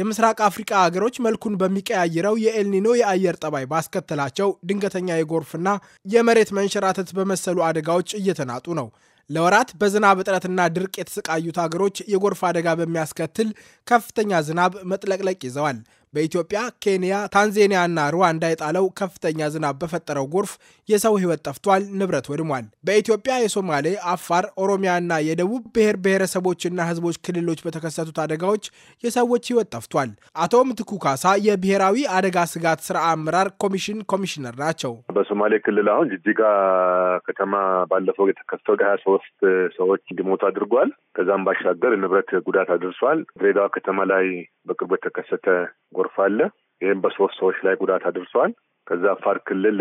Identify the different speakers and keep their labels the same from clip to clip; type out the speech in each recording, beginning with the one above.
Speaker 1: የምስራቅ አፍሪቃ ሀገሮች መልኩን በሚቀያየረው የኤልኒኖ የአየር ጠባይ ባስከተላቸው ድንገተኛ የጎርፍና የመሬት መንሸራተት በመሰሉ አደጋዎች እየተናጡ ነው። ለወራት በዝናብ እጥረትና ድርቅ የተሰቃዩት ሀገሮች የጎርፍ አደጋ በሚያስከትል ከፍተኛ ዝናብ መጥለቅለቅ ይዘዋል። በኢትዮጵያ፣ ኬንያ፣ ታንዜኒያና ሩዋንዳ የጣለው ከፍተኛ ዝናብ በፈጠረው ጎርፍ የሰው ሕይወት ጠፍቷል፣ ንብረት ወድሟል። በኢትዮጵያ የሶማሌ፣ አፋር፣ ኦሮሚያና የደቡብ ብሔር ብሔረሰቦችና ሕዝቦች ክልሎች በተከሰቱት አደጋዎች የሰዎች ሕይወት ጠፍቷል። አቶ ምትኩ ካሳ የብሔራዊ አደጋ ስጋት ስራ አመራር ኮሚሽን ኮሚሽነር ናቸው።
Speaker 2: በሶማሌ ክልል አሁን ጅጅጋ ከተማ ባለፈው የተከሰተው ሀያ ሶስት ሰዎች እንዲሞቱ አድርጓል። ከዛም ባሻገር ንብረት ጉዳት አድርሷል። ድሬዳዋ ከተማ ላይ በቅርቡ የተከሰተ ጎርፍ አለ። ይህም በሶስት ሰዎች ላይ ጉዳት አድርሷል። ከዛ አፋር ክልል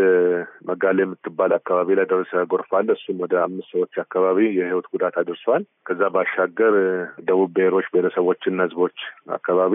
Speaker 2: መጋሌ የምትባል አካባቢ ላይ ደረሰ ጎርፍ አለ። እሱም ወደ አምስት ሰዎች አካባቢ የህይወት ጉዳት አድርሷል። ከዛ ባሻገር ደቡብ ብሔሮች ብሔረሰቦችና ህዝቦች አካባቢ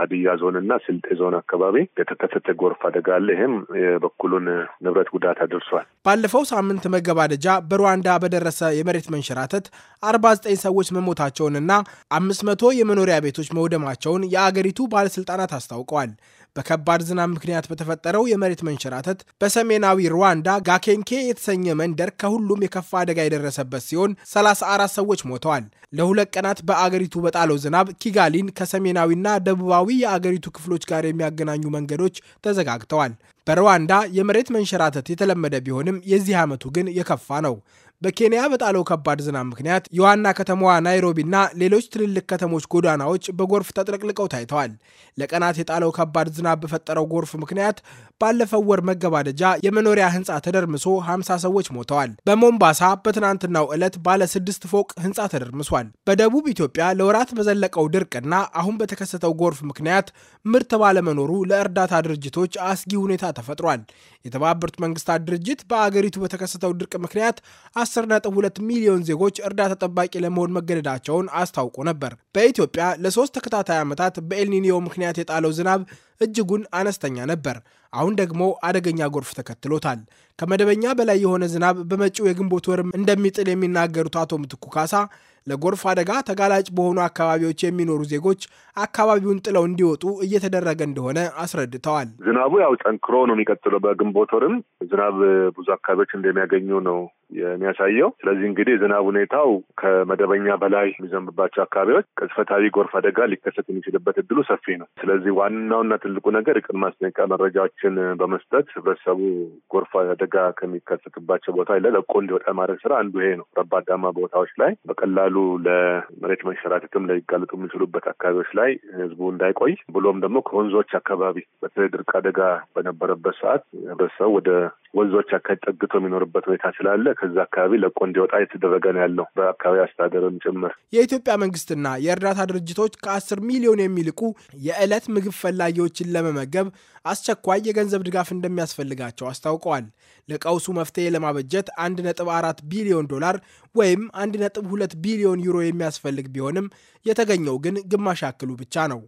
Speaker 2: ሀዲያ ዞንና ስልጤ ዞን አካባቢ የተከሰተ ጎርፍ አደጋ አለ። ይህም የበኩሉን ንብረት ጉዳት አድርሷል።
Speaker 1: ባለፈው ሳምንት መገባደጃ በሩዋንዳ በደረሰ የመሬት መንሸራተት አርባ ዘጠኝ ሰዎች መሞታቸውንና አምስት መቶ የመኖሪያ ቤቶች መውደማቸውን የአገሪቱ ባለስልጣናት አስታውቀዋል። በከባድ ዝናብ ምክንያት በተፈጠረው የመሬት መሬት መንሸራተት በሰሜናዊ ሩዋንዳ ጋኬንኬ የተሰኘ መንደር ከሁሉም የከፋ አደጋ የደረሰበት ሲሆን 34 ሰዎች ሞተዋል። ለሁለት ቀናት በአገሪቱ በጣለው ዝናብ ኪጋሊን ከሰሜናዊና ደቡባዊ የአገሪቱ ክፍሎች ጋር የሚያገናኙ መንገዶች ተዘጋግተዋል። በሩዋንዳ የመሬት መንሸራተት የተለመደ ቢሆንም የዚህ ዓመቱ ግን የከፋ ነው። በኬንያ በጣለው ከባድ ዝናብ ምክንያት የዋና ከተማዋ ናይሮቢና ሌሎች ትልልቅ ከተሞች ጎዳናዎች በጎርፍ ተጥለቅልቀው ታይተዋል። ለቀናት የጣለው ከባድ ዝናብ በፈጠረው ጎርፍ ምክንያት ባለፈው ወር መገባደጃ የመኖሪያ ሕንፃ ተደርምሶ 50 ሰዎች ሞተዋል። በሞምባሳ በትናንትናው ዕለት ባለ ስድስት ፎቅ ሕንፃ ተደርምሷል። በደቡብ ኢትዮጵያ ለወራት በዘለቀው ድርቅና አሁን በተከሰተው ጎርፍ ምክንያት ምርት ባለመኖሩ ለእርዳታ ድርጅቶች አስጊ ሁኔታ ተፈጥሯል። የተባበሩት መንግስታት ድርጅት በአገሪቱ በተከሰተው ድርቅ ምክንያት 10.2 ሚሊዮን ዜጎች እርዳታ ጠባቂ ለመሆን መገደዳቸውን አስታውቆ ነበር። በኢትዮጵያ ለሶስት ተከታታይ ዓመታት በኤልኒኒዮ ምክንያት የጣለው ዝናብ እጅጉን አነስተኛ ነበር። አሁን ደግሞ አደገኛ ጎርፍ ተከትሎታል። ከመደበኛ በላይ የሆነ ዝናብ በመጪው የግንቦት ወርም እንደሚጥል የሚናገሩት አቶ ምትኩ ካሳ ለጎርፍ አደጋ ተጋላጭ በሆኑ አካባቢዎች የሚኖሩ ዜጎች አካባቢውን ጥለው እንዲወጡ እየተደረገ እንደሆነ አስረድተዋል።
Speaker 2: ዝናቡ ያው ጠንክሮ ነው የሚቀጥለው። በግንቦት ወርም ዝናብ ብዙ አካባቢዎች እንደሚያገኙ ነው የሚያሳየው። ስለዚህ እንግዲህ የዝናብ ሁኔታው ከመደበኛ በላይ የሚዘንብባቸው አካባቢዎች ቅጽበታዊ ጎርፍ አደጋ ሊከሰት የሚችልበት እድሉ ሰፊ ነው። ስለዚህ ዋናውና ትልቁ ነገር ቅድመ ማስጠንቀቂያ መረጃዎችን በመስጠት ህብረተሰቡ ጎርፍ አደጋ ከሚከሰትባቸው ቦታ ላይ ለቆ እንዲወጣ ማድረግ ስራ አንዱ ይሄ ነው። ረባዳማ ቦታዎች ላይ በቀላሉ ለመሬት መንሸራተትም ሊጋለጡ የሚችሉበት አካባቢዎች ላይ ህዝቡ እንዳይቆይ ብሎም ደግሞ ከወንዞች አካባቢ በተለይ ድርቅ አደጋ በነበረበት ሰዓት ህብረተሰቡ ወደ ወንዞች አካባቢ ጠግቶ የሚኖርበት ሁኔታ ስላለ ከዛ አካባቢ ለቆ እንዲወጣ የተደረገ ነው ያለው በአካባቢ አስተዳደርም ጭምር።
Speaker 1: የኢትዮጵያ መንግስትና የእርዳታ ድርጅቶች ከአስር ሚሊዮን የሚልቁ የዕለት ምግብ ፈላጊዎችን ለመመገብ አስቸኳይ የገንዘብ ድጋፍ እንደሚያስፈልጋቸው አስታውቀዋል። ለቀውሱ መፍትሄ ለማበጀት አንድ ነጥብ አራት ቢሊዮን ዶላር ወይም አንድ ነጥብ ሁለት ቢሊዮን ዩሮ የሚያስፈልግ ቢሆንም የተገኘው ግን ግማሽ ያክሉ ብቻ ነው።